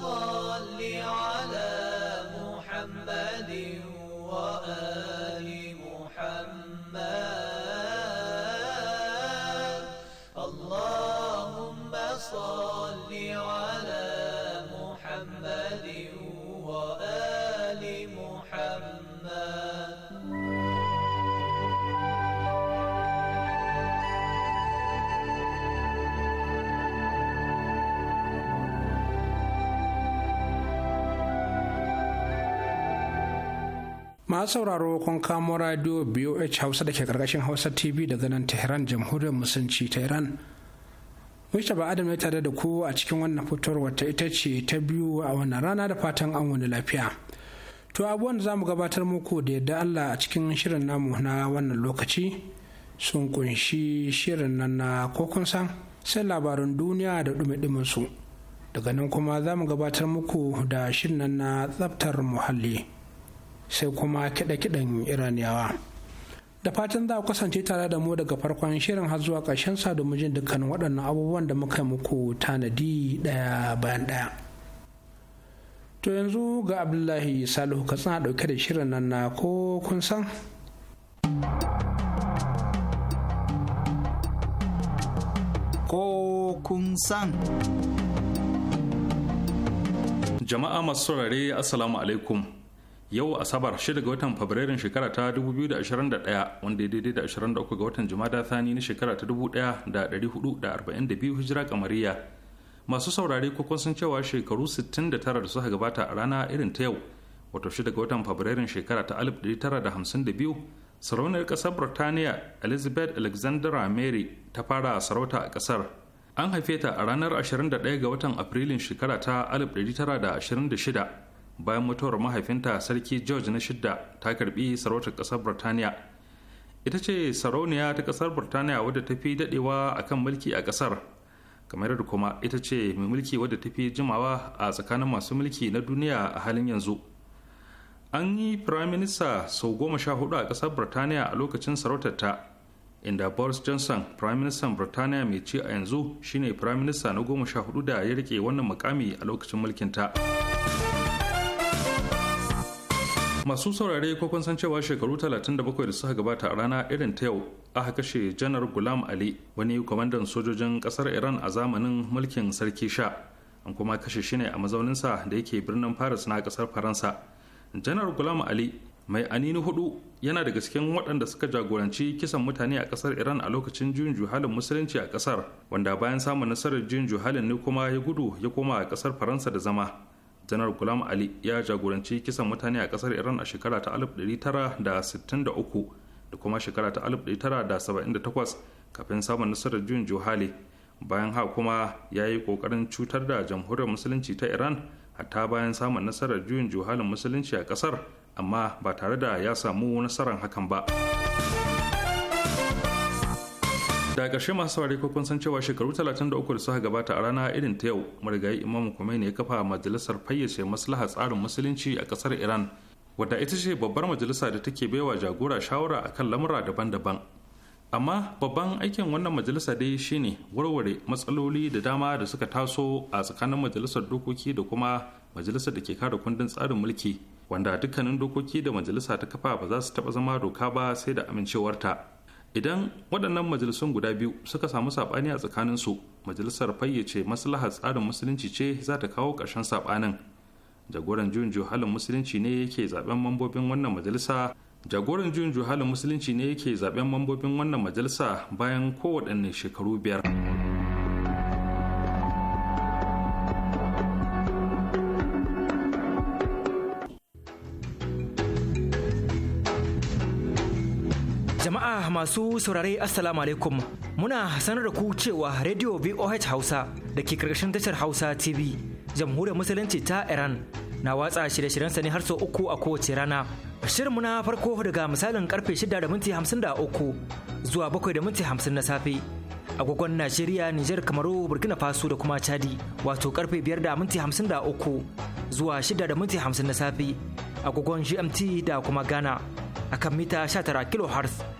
صل على masu sauraro kun kamo radio boh hausa da ke karkashin hausa tv daga nan tehran jamhuriyar musulunci ta iran mustapha adam ya tare da ku a cikin wannan fitowar ta ita ce ta biyu a wannan rana da fatan an wani lafiya to abubuwan da za mu gabatar muku da yadda allah a cikin shirin namu na wannan lokaci sun kunshi shirin nan na sai labarin duniya da dumi su daga nan kuma za mu gabatar muku da shirin nan na tsabtar muhalli sai kuma kiɗe-kiɗen iraniyawa da fatan za ku kasance tare da mu daga farkon shirin har zuwa ƙarshen sa domin jin dukkan waɗannan abubuwan da muka muku tanadi ɗaya bayan ɗaya to yanzu ga abdullahi salihu ka tsana ɗauke da shirin nan na ko kun san ko kun san jama'a masu saurare assalamu alaikum yau asabar 6 ga watan fabrairun shekara ta 2021 wanda ya daidai da 23 ga watan jumada thani na shekara ta 1442 hijira kamariya masu saurare ko sun cewa shekaru 69 da suka gabata a rana irin ta yau wato 6 ga watan fabrairun shekara ta 1952 sarauniyar kasar birtaniya elizabeth alexandra mary ta fara sarauta a kasar an haife ta a ranar 21 ga watan afrilun shekara ta 1926 bayan mutuwar mahaifinta sarki george na shidda ta karbi sarautar kasar birtaniya ita ce sarauniya ta kasar birtaniya wadda ta fi dadewa akan mulki a kasar kamar da kuma ita ce mai mulki wadda ta fi jimawa a tsakanin masu mulki na duniya a halin yanzu an yi firaminista sau goma sha hudu a kasar birtaniya a lokacin sarautarta inda boris johnson firaministan birtaniya mai ci a yanzu shine firaminista na goma sha hudu da ya rike wannan mukami a lokacin mulkinta. ta masu saurare ko kun san cewa shekaru 37 da suka gabata a rana irin ta yau aka kashe janar gulam ali wani kwamandan sojojin kasar iran a zamanin mulkin sarki sha an kuma kashe shi ne a mazauninsa da yake birnin paris na kasar faransa janar gulam ali mai anini hudu yana daga cikin waɗanda suka jagoranci kisan mutane a kasar iran a lokacin juyin juhalin musulunci a kasar wanda bayan samun nasarar juyin juhalin ne kuma ya gudu ya koma a kasar faransa da zama janar gulam ali ya jagoranci kisan mutane a kasar iran a shekara ta 1963 da kuma shekara ta 1978 kafin samun nasarar juyin johali bayan ha kuma ya yi kokarin cutar da jamhuriyar musulunci ta iran hatta bayan samun nasarar juyin juhalin musulunci a kasar amma ba tare da ya samu nasarar hakan ba. da ƙarshe masu saurari ko kun san cewa shekaru 33 da suka gabata a rana irin ta yau marigayi imam Khomeini ya kafa majalisar fayyace maslaha tsarin musulunci a ƙasar iran wadda ita ce babbar majalisa da take baiwa jagora shawara akan lamura daban-daban amma babban aikin wannan majalisa dai shine warware matsaloli da dama da suka taso a tsakanin majalisar dokoki da kuma majalisar da ke kare kundin tsarin mulki wanda dukkanin dokoki da majalisa ta kafa ba za su taɓa zama doka ba sai da amincewarta idan waɗannan majalisun guda biyu suka samu saɓani a tsakaninsu majalisar fayyace maslahar tsarin musulunci ce za ta kawo ƙarshen saɓanin jagoran juyin juhalin musulunci ne yake zaben mambobin wannan majalisa jagoran juyin juhalin musulunci ne yake zaben mambobin wannan majalisa bayan kowaɗanne shekaru biyar. masu saurare Assalamu alaikum muna sanar da ku cewa Radio VOH Hausa da ke karkashin tashar Hausa TV jamhuriyar musulunci ta Iran na watsa shirye-shiryen sa ne har sau uku a kowace rana. Shirin na farko daga misalin karfe shida da minti hamsin da uku zuwa bakwai da minti hamsin na safe. agogon Najeriya, Nijar, Kamaru, Burkina Faso da kuma Chadi, wato karfe 5:53 da minti zuwa 6:50 da minti na safe, agogon GMT da kuma Ghana, akan mita 19 kHz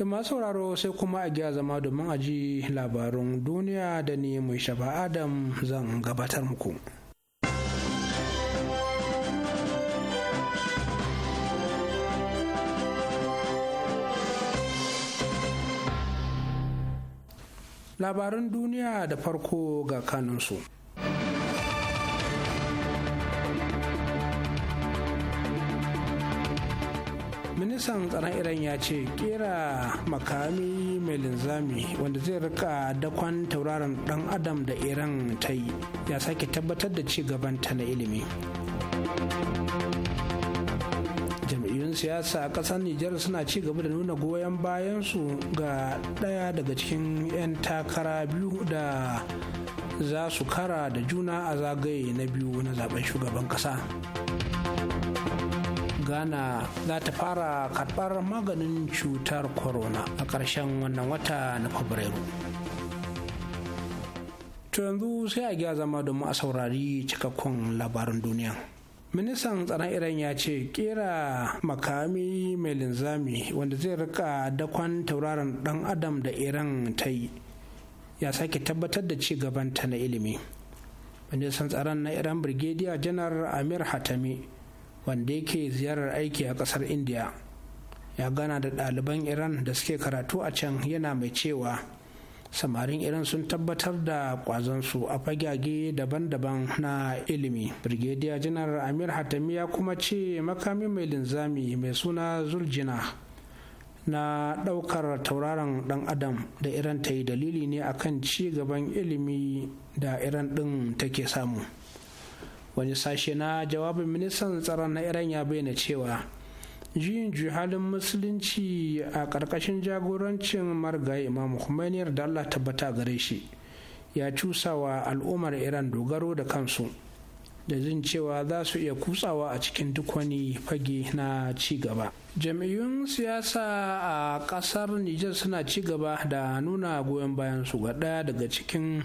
To masu sauraro sai kuma a gya zama domin a ji labarun duniya da ni mai shaba Adam zan gabatar muku. Labarun duniya da farko ga kanunsu. ministan tsaron iran ya ce kera makami mai linzami wanda zai rika dakon tauraron dan adam da iran ta yi ya sake tabbatar da ci gabanta na ilimi jam'iyyun siyasa a ƙasar Nijar suna ci gaba da nuna goyon bayansu ga daya daga cikin 'yan takara biyu da za su kara da juna a zagaye na biyu na zaben shugaban kasa. ghana za ta fara karɓar maganin cutar corona a ƙarshen wannan wata na fabrairu to yanzu sai a gya zama domin a saurari cikakkun labarin duniya ministan tsaron iran ya ce kera makami mai linzami wanda zai rika dakon tauraron dan adam da iran ta yi ya sake tabbatar da ci gabanta na ilimi ministan tsaron na iran brigadier janar amir hatami wanda yake ziyarar aiki a kasar india ya gana da ɗaliban iran da suke karatu a can yana mai cewa samarin iran sun tabbatar da kwazansu a fagage daban-daban na ilimi brigadier janar amir hatami ya kuma ce makami mai linzami mai suna zuljina na ɗaukar tauraron dan adam da iran ta yi dalili ne akan ci gaban ilimi da iran ɗin take samu. wani sashe na jawabin ministan tsaron na iran ya bayyana cewa juyin halin musulunci a ƙarƙashin jagorancin margaye imam khomeiniyar da allah tabbata gare shi ya cusawa al'ummar iran dogaro da kansu da jin cewa za su iya kutsawa a cikin duk wani fage na ci gaba jam'iyyun siyasa a ƙasar niger suna ci gaba da nuna goyon bayan su ga ɗaya daga cikin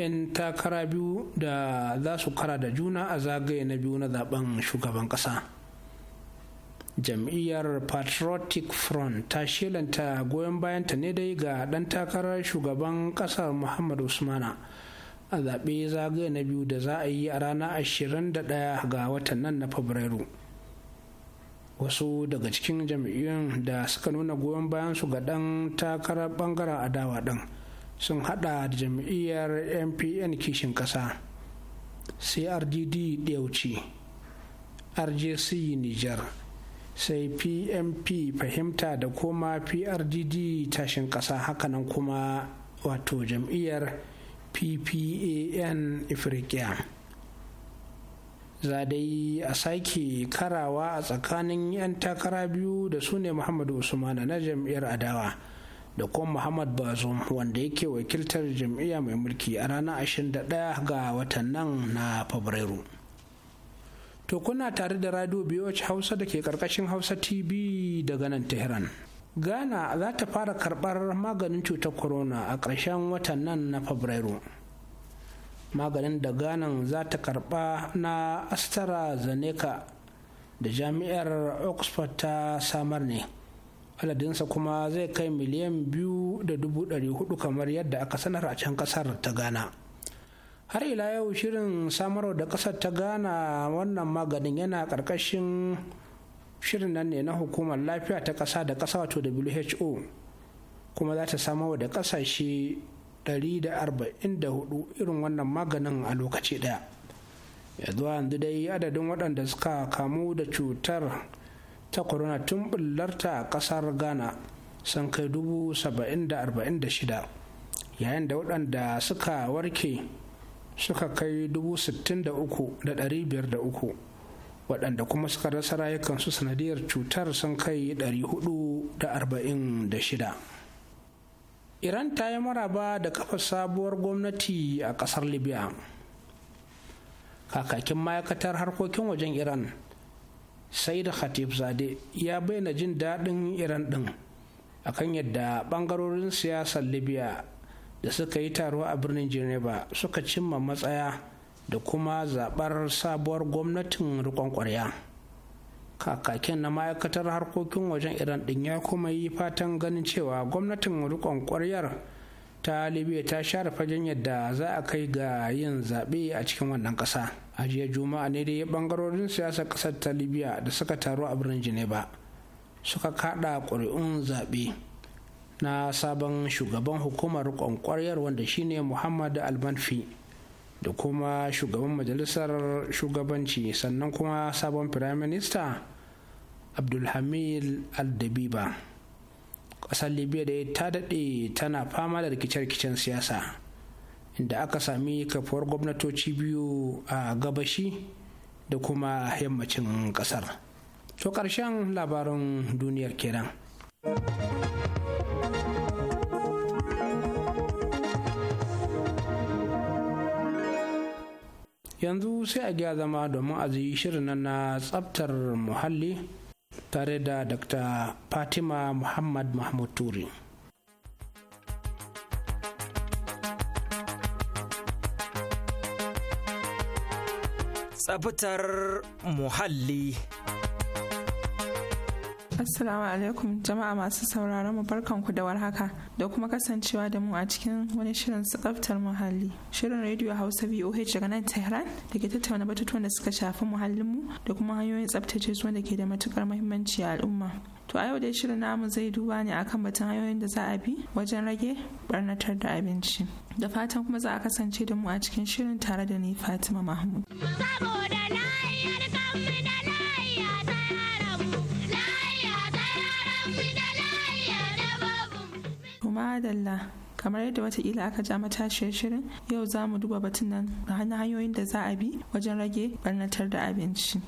'yan takara biyu da za su kara da juna a zagaye na biyu na zaben shugaban kasa, jam'iyyar patriotic front ta shelanta goyon bayanta ne dai ga 'dan takarar shugaban kasar muhammad usmana a zaɓe zagaye na biyu da za a yi a ranar 21 ga watan nan na fabrairu wasu daga cikin jam'iyyun da suka nuna goyon bayansu ga 'dan takarar ɓangaren adawa ɗin sun hada da jam'iyyar mpn kishin kasa crdd ɗauci RGC niger sai pmp fahimta da koma prdd tashin kasa hakanan kuma wato jam'iyyar ppan ifriqiya za dai a sake karawa a tsakanin 'yan takara biyu da su ne muhammadu usmana na jam'iyyar adawa da kuma muhammad bazoum wanda yake wakiltar jam'iyya mai mulki a ranar 21 ga watan nan na fabrairu to kuna tare da radio biyoci hausa da ke karkashin hausa tv daga nan tehran ghana za ta fara karbar maganin cutar corona a ƙarshen watan nan na fabrairu maganin da ghana za ta karba na astrazeneca da jami'ar oxford ta samar ne aladinsa kuma zai kai miliyan biyu da dubu ɗari hudu kamar yadda aka sanar a can ƙasar ta ghana har ila yau shirin samarwa da ƙasar ta gana wannan maganin yana ƙarƙashin shirin nan ne na hukumar lafiya ta ƙasa da ƙasa wato who kuma za ta samarwa da ƙasashe hudu irin wannan maganin a lokaci ɗaya yanzu dai adadin waɗanda suka kamu da cutar ta corona tun bullarta a kasar ghana sun kai dubu saba'in da arba'in da shida yayin da waɗanda suka warke suka kai dubu sittin da uku da ɗari biyar da uku waɗanda kuma suka rasa rayukansu sanadiyar cutar sun kai ɗari hudu da arba'in da shida iran ta yi maraba da kafa sabuwar gwamnati a ƙasar libya kakakin ma'aikatar harkokin wajen iran sai da khatib zade ya bayyana jin daɗin iran ɗin akan yadda ɓangarorin siyasar libya da suka yi taro a birnin geneva suka cimma matsaya da kuma zaɓar sabuwar gwamnatin riƙon ƙwarya kakakin na ma'aikatar harkokin wajen iran ɗin ya kuma yi fatan ganin cewa gwamnatin riƙon ƙwaryar ta libya ta share fagen yadda za a kai ga yin zaɓe a cikin wannan ƙasa a jiya juma'a ne dai ɓangarorin siyasar ƙasar ta libya da suka taru a birnin geneva suka kaɗa ƙuri'un zaɓe na sabon shugaban hukumar ƙwanƙwaryar wanda shine muhammad albanfi da kuma shugaban majalisar shugabanci sannan kuma sabon firayim firaminista abdulhamid aldabiba ƙasar libya da ta daɗe tana fama da rikice-rikicen siyasa inda aka sami kafuwar gwamnatoci biyu a gabashi da kuma yammacin ƙasar to ƙarshen labarin duniyar kenan. yanzu sai a gya zama domin a shirin na tsabtar muhalli tare da dr fatima muhammad mahmud turi tsaftar muhalli Assalamu alaikum jama'a masu sauraron mu ku da warhaka da kuma kasancewa da mu a cikin wani shirin tsaftar muhalli. Shirin Radio Hausa VOH daga nan Tehran da ke tattauna batutuwan da suka shafi muhallin mu da kuma hanyoyin tsaftace su wanda ke da matukar muhimmanci a al'umma. To a yau dai shirin namu zai duba ne akan batun hanyoyin da za a bi wajen rage barnatar da abinci. Da fatan kuma za a kasance da mu a cikin shirin tare da ni Fatima Mahmud. Saboda na madalla kamar yadda watakila aka ja matashiyar shirin yau za mu duba batun nan na hanyoyin da za a bi wajen rage barnatar da abinci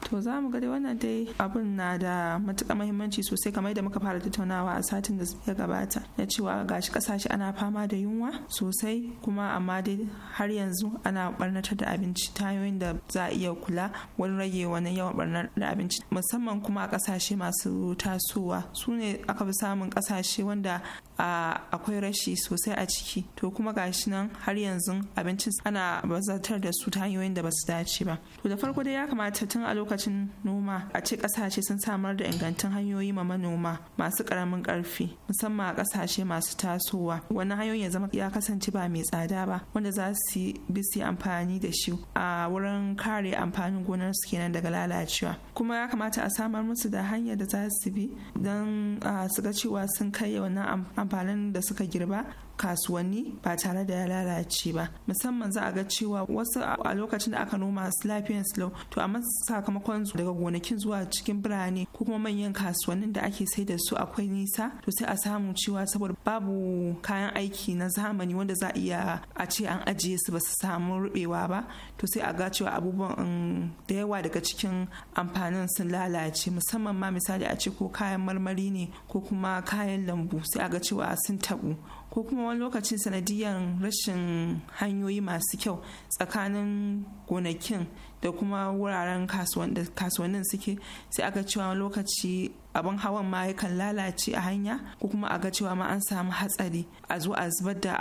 to za mu dai wannan dai abun na da matuƙa mahimmanci sosai kamar yadda muka fara tattaunawa a satin da ya gabata na cewa gashi ƙasashe ana fama da yunwa sosai kuma amma dai har yanzu ana barnatar da abinci ta hanyoyin da za a iya kula wani rage wani yawan barnar da abinci musamman kuma a ƙasashe masu tasowa su ne aka fi samun ƙasashe wanda akwai rashi sosai a ciki to kuma gashi nan har yanzu abincin ana bazatar da su ta hanyoyin da basu dace ba to da farko dai ya kamata tun a lokacin noma a ce kasashe sun samar da ingantun hanyoyi ma manoma masu karamin karfi musamman a kasashe masu tasowa wannan hanyoyin ya zama ya kasance ba mai tsada ba wanda za su bi su amfani da shi a wurin kare amfanin gonar su kenan daga lalacewa kuma ya kamata a samar musu da hanyar da za su bi don su ga cewa sun kai wannan amfanin da suka girba kasuwanni ba tare da ya lalace ba musamman za a ga cewa wasu a lokacin da aka noma su lafiyan slow to amma sakamakon daga gonakin zuwa cikin birane ko kuma manyan kasuwannin da ake sai da su akwai nisa to sai a samu cewa saboda babu kayan aiki na zamani wanda za a iya a ce an ajiye su ba su samu rubewa ba to sai a ga cewa abubuwan um, da yawa daga cikin amfanin sun lalace musamman ma misali a ce ko kayan marmari ne ko kuma kayan lambu sai a ga cewa sun tabu ko kuma wani lokacin sanadiyar rashin hanyoyi masu kyau tsakanin gonakin da kuma wuraren kasuwannin suke sai aka cewa wani lokaci abin hawan ma yakan lalace a hanya ko kuma aga cewa ma an samu hatsari a zo a zubar da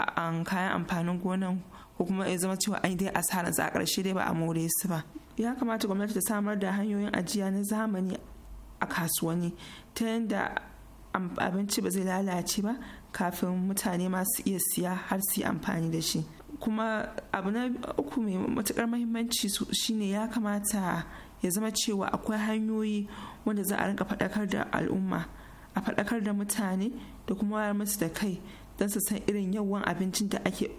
kayan amfanin gonan ko kuma ya zama cewa an dai asara a karshe dai ba a more su ba ya kamata gwamnati ta samar da hanyoyin ajiya na zamani a kasuwanni ta yadda abinci ba zai lalace ba kafin mutane masu iya siya har su yi amfani da shi kuma abu na uku mai matukar mahimmanci shine ya kamata ya zama cewa akwai hanyoyi wanda za a rinka faɗakar da al'umma a faɗakar da mutane da kuma wayar musu da kai don su san irin yawan abincin da ake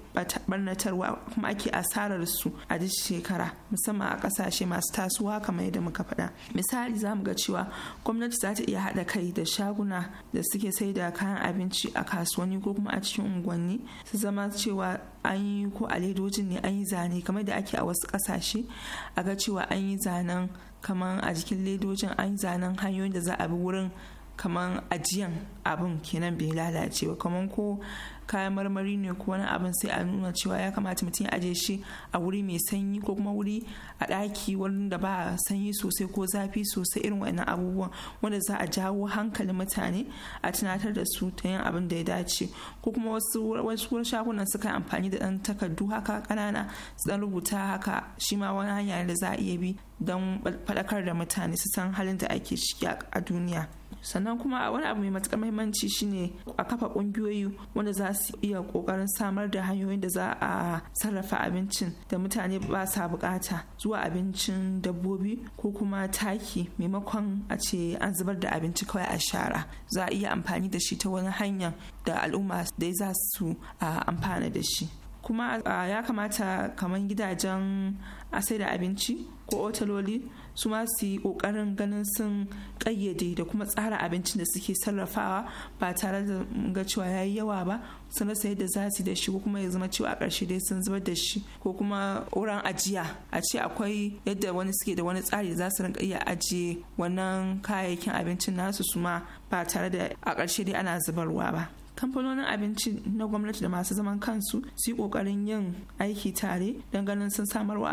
barnatarwa kuma ake asarar su a duk shekara musamman a kasashe masu tasowa kamar yadda muka faɗa misali zamu ga cewa gwamnati za ta iya haɗa kai da shaguna da suke sai da kayan abinci a kasuwanni ko kuma a cikin unguwanni su zama cewa an yi ko a ledojin ne an yi zane kamar da ake a wasu kasashe a ga cewa an yi zanen kamar a jikin ledojin an yi zanen hanyoyin da za a bi wurin kamar ajiyan abin kenan bai lalace ba kamar ko kayan marmari ne ko wani abin sai a nuna cewa ya kamata mutum ya aje shi a wuri mai sanyi ko kuma wuri a ɗaki wanda ba sanyi sosai ko zafi sosai irin wannan abubuwan wanda za a jawo hankalin mutane a tunatar da su ta yin abin da ya dace ko kuma wasu wasu shagunan suka amfani da ɗan takardu haka ƙanana su ɗan rubuta haka shi ma wani hanya da za a iya bi don faɗakar da mutane su san halin da ake ciki a duniya. sannan kuma wani abu mai matuƙar mahimmanci shine a kafa ƙungiyoyi wanda za su iya ƙoƙarin samar da hanyoyin da za a sarrafa abincin da mutane ba sa bukata zuwa abincin dabbobi ko kuma taki maimakon a ce an zubar da abinci kawai a shara za a iya amfani da shi ta wani hanya da al'umma da za su amfana da shi kuma ya kamata kamar gidajen a sai da abinci ko otaloli su ma su yi kokarin ganin sun kayyade da kuma tsara abincin da suke sarrafawa ba tare da ga cewa yayi yawa ba sun rasa yadda za su da shi ko kuma ya zama cewa a ƙarshe dai sun zubar da shi ko kuma wurin ajiya a ce akwai yadda wani suke da wani tsari za su rinka iya ajiye wannan kayayyakin abincin nasu su ma ba tare da a ƙarshe dai ana zubarwa ba kamfanonin abinci na gwamnati da masu zaman kansu su yi kokarin yin aiki tare don ganin sun samar wa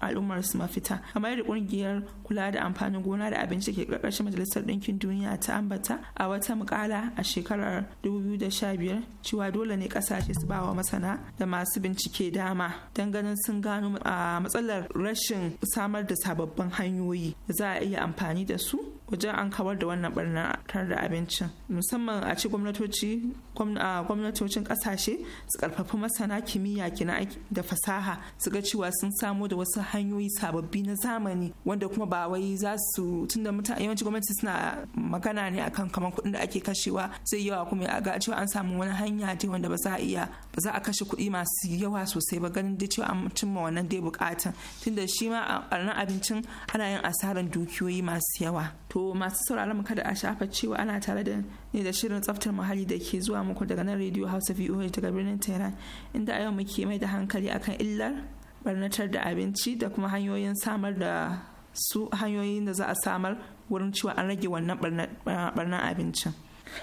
al'ummar su mafita kamar yadda kungiyar kula da amfanin gona da abinci ke karkashin majalisar ɗinkin duniya ta ambata a wata mukala a shekarar 2015 cewa dole ne kasashe su bawa masana da masu bincike dama don ganin sun gano matsalar rashin samar da sababbin hanyoyi da za a iya amfani da su wajen an kawar da wannan barna tare da abincin musamman a ci gwamnatoci gwamnatocin kasashe su karfafi masana kimiyya kina da fasaha su ga cewa sun samo da wasu hanyoyi sababbi na zamani wanda kuma ba wai za su tunda mutane yawanci gwamnati suna magana ne akan kamar kuɗin da ake kashewa zai yawa kuma a ga cewa an samu wani hanya ce wanda ba za a iya ba za a kashe kuɗi masu yawa sosai ba ganin da cewa an cimma wannan dai bukatan tunda shi ma a abincin ana yin asaran dukiyoyi masu yawa To masu sauraron mu kada a shafa cewa ana tare da ne da shirin tsaftar muhalli da ke zuwa muku daga nan Radio Hausa VOH daga birnin Tehran inda a yau muke mai da hankali akan illar barnatar da abinci da kuma hanyoyin samar da su hanyoyin da za a samar wurin cewa an rage wannan barnan abincin.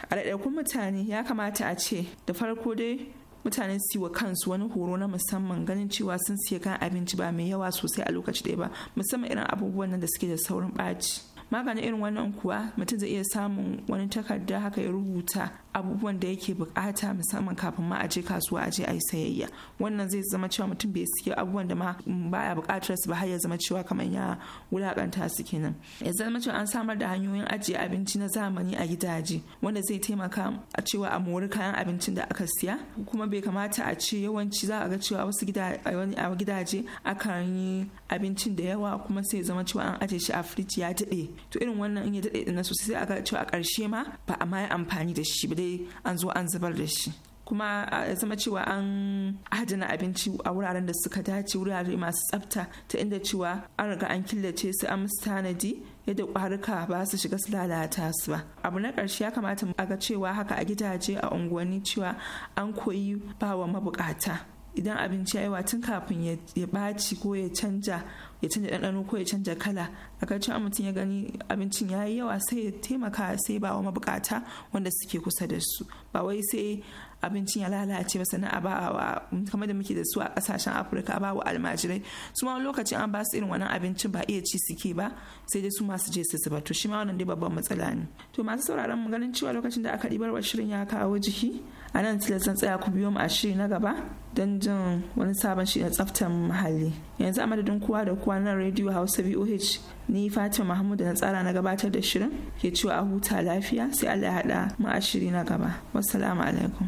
A ɗaiɗaikun mutane ya kamata a ce da farko dai mutane su wa kansu wani horo na musamman ganin cewa sun siya kan abinci ba mai yawa sosai a lokaci ɗaya ba musamman irin abubuwan nan da suke da saurin ɓaci. maganin irin wannan kuwa mutum zai iya samun wani takarda haka ya rubuta abubuwan da yake bukata musamman kafin ma a je kasuwa a je a yi sayayya wannan zai zama cewa mutum bai siya abubuwan da ma baya bukatar su ba har ya zama cewa kamar ya wulakanta su kenan ya zama cewa an samar da hanyoyin ajiye abinci na zamani a gidaje wanda zai taimaka a cewa a mori kayan abincin da aka siya kuma bai kamata a ce yawanci za a ga cewa wasu gidaje akan yi abincin da yawa kuma sai zama cewa an ajiye shi a firiji ya daɗe to irin wannan in ya daɗe na sosai sai aka cewa a ƙarshe ma ba a ma yi amfani da shi ba dai an zo an zubar da shi kuma ya zama cewa an adana abinci a wuraren da suka dace wurare masu tsafta ta inda cewa an riga an killace su an musu tanadi yadda kwaruka ba su shiga su lalata su ba abu na ƙarshe ya kamata a ga cewa haka a gidaje a unguwanni cewa an koyi ba mabukata idan abinci ya yi tun kafin ya ɓaci ko ya canja ya canja ɗanɗano ko ya canja kala a karshen a mutum ya gani abincin ya yi yawa sai ya taimaka sai ba wa mabukata wanda suke kusa da su ba wai sai abincin ya lalace ba sannan a ba kamar da muke da su a kasashen afirka a wa almajirai su ma lokacin an ba su irin wannan abincin ba iya ci suke ba sai dai su masu je su zuba to shi ma wannan dai babban matsala ne to masu sauraron mu ganin cewa lokacin da aka ɗibar wa shirin ya kawo jiki a nan tilastan tsaya ku biyo mu a shiri na gaba don jin wani sabon shi na tsaftar muhalli yanzu a madadin kowa da kowa na radio hausa boh ni fatima mahmud na tsara na gabatar da shirin ke cewa a huta lafiya sai allah ya haɗa mu a shiri na gaba wassalamu alaikum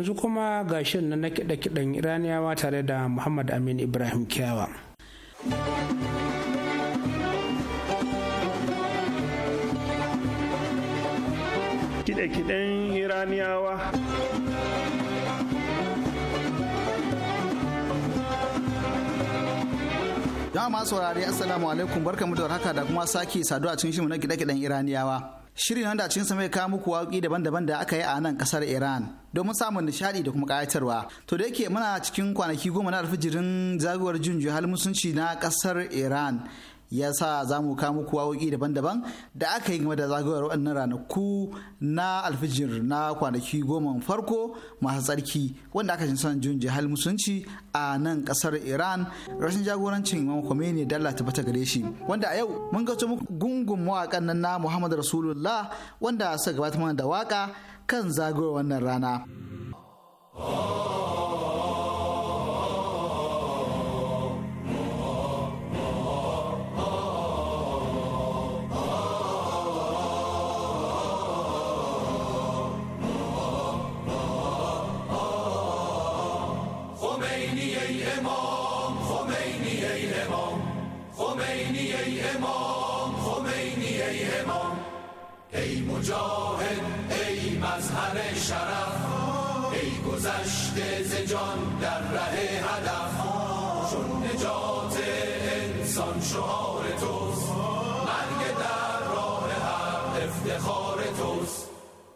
yanzu kuma ga shirin na kiɗe-kiɗen iraniyawa tare da muhammad amin ibrahim kiyawa kiɗa-kiɗan iraniyawa masu saurare Assalamu alaikum barkamu da warhaka da kuma sake saduwa cikin shirin na kiɗe-kiɗen Iraniyawa. Shirin wanda cikin sa mai kawo muku waƙi daban-daban da aka yi a nan ƙasar Iran domin samun nishaɗi da kuma ƙayatarwa. To da yake muna cikin kwanaki goma na alfijirin zaguwar jin juhal musunci na ƙasar Iran ya sa za mu kawo muku waƙoƙi daban-daban da aka yi game da zagayowar waɗannan ranaku na alfijir na kwanaki goma farko masu tsarki wanda aka son jin jihar musulunci a nan ƙasar iran rashin jagorancin imam ne da allah ta gare shi wanda a yau mun ga muku gungun mawaƙan nan na muhammad rasulullah wanda suka gabata mana da waƙa kan zagayowar wannan rana. علیه ای مجاهد ای مظهر شرف ای گذشته ز جان در ره هدف چون نجات انسان شعار توست مرگ در راه حق افتخار توست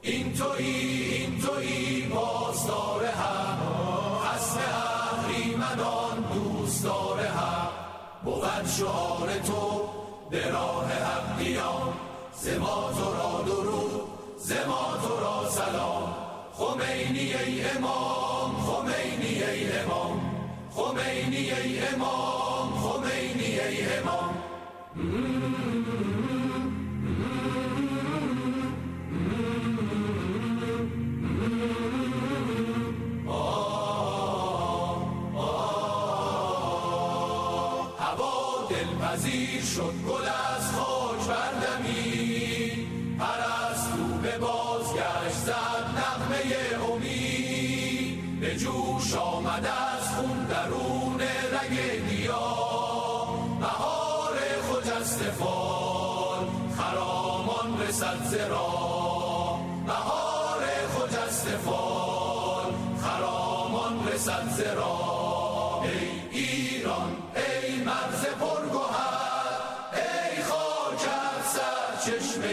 این تویی این تویی بازدار حسن خسم دوست داره هم بود شعار تو به راه حق قیام ز تو را درود ز را سلام خمینی ای امام خمینی ای امام خمینی ای امام خمینی ای امام دلپذیر شد گل از خاک بردمی تو به بازگشت زد نغمه امید به جوش آمد از خون درون رگ دیا بهار خجست فال خرامان رسد زرا بهار خجست فال خرامان رسد زرا ای ایران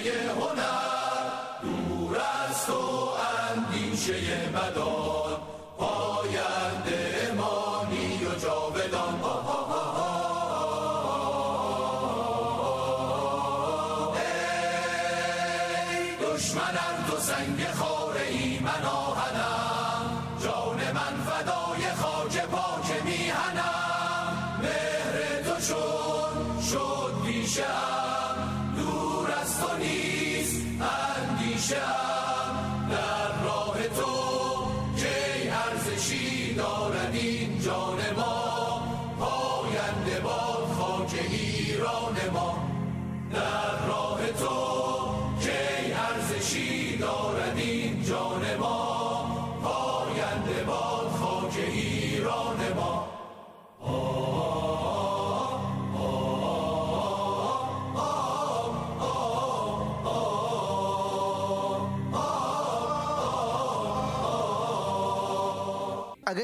هنر دور از تو اندیشه مدار پاینده امانی و جاودان دشمنم تو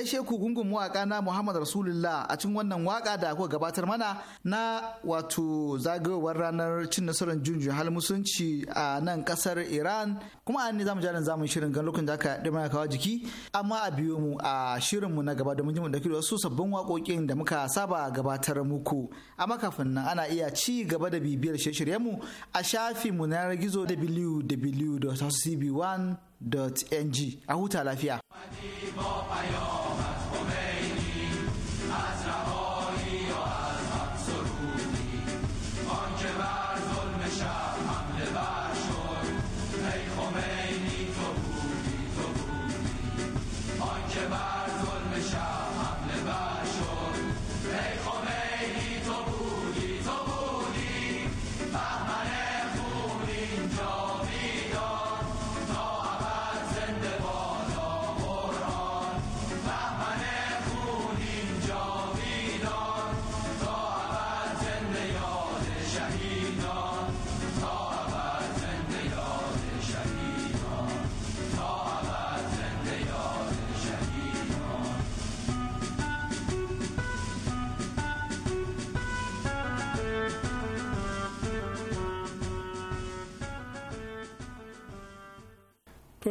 gaishe ku gungun waka na Muhammad Rasulullah a cikin wannan waka da kuka gabatar mana na wato zagayowar ranar cin nasarar junjun hal musunci a nan kasar Iran kuma an ne zamu jarin zamu shirin gan lokacin da aka dima kawo jiki amma a biyo mu a shirin mu na gaba domin jin mu da wasu sabbin waƙoƙin da muka saba gabatar muku amma kafin nan ana iya ci gaba da bibiyar shirye mu a shafin mu na gizo www.cb1.ng a huta lafiya.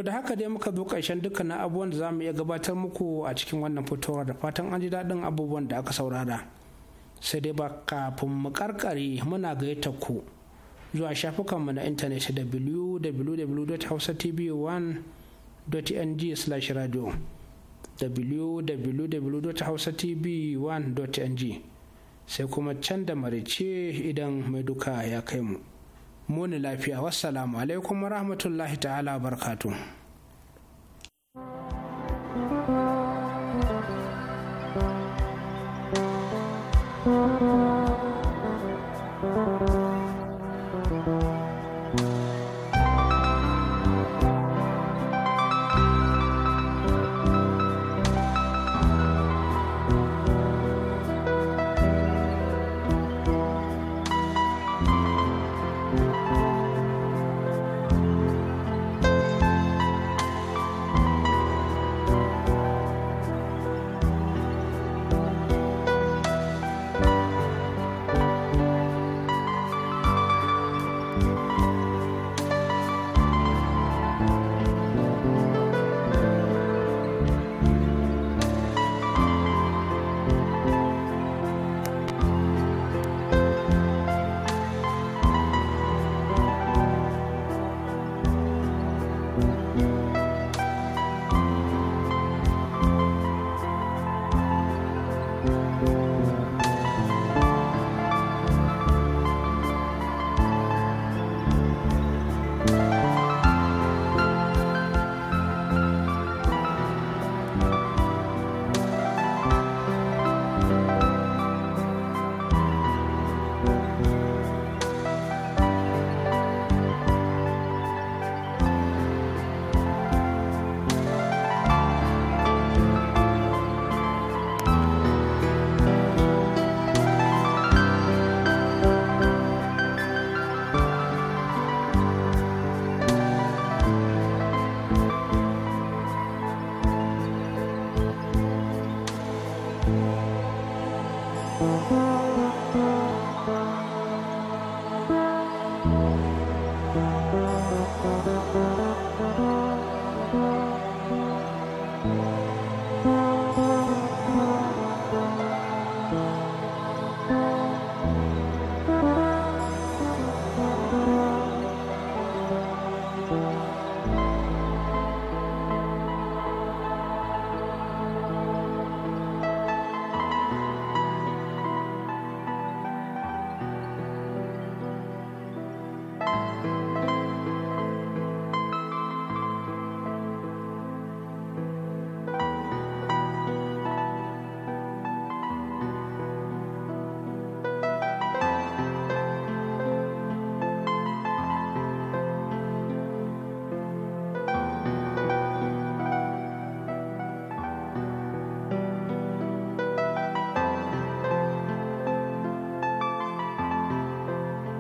da haka dai muka zo ƙarshen dukkanin abubuwan da za mu iya gabatar muku a cikin wannan fitowar da fatan an ji daɗin abubuwan da aka saurara sai dai ba kafin mu karkare muna gaita ku zuwa shafukanmu na intanet www.hausatv1.ng/radio www.hausatv1.ng sai kuma can da marice idan mai duka ya kai mu. muni lafiya wassalamu alaikum rahmatullahi ta'ala barkatu thank you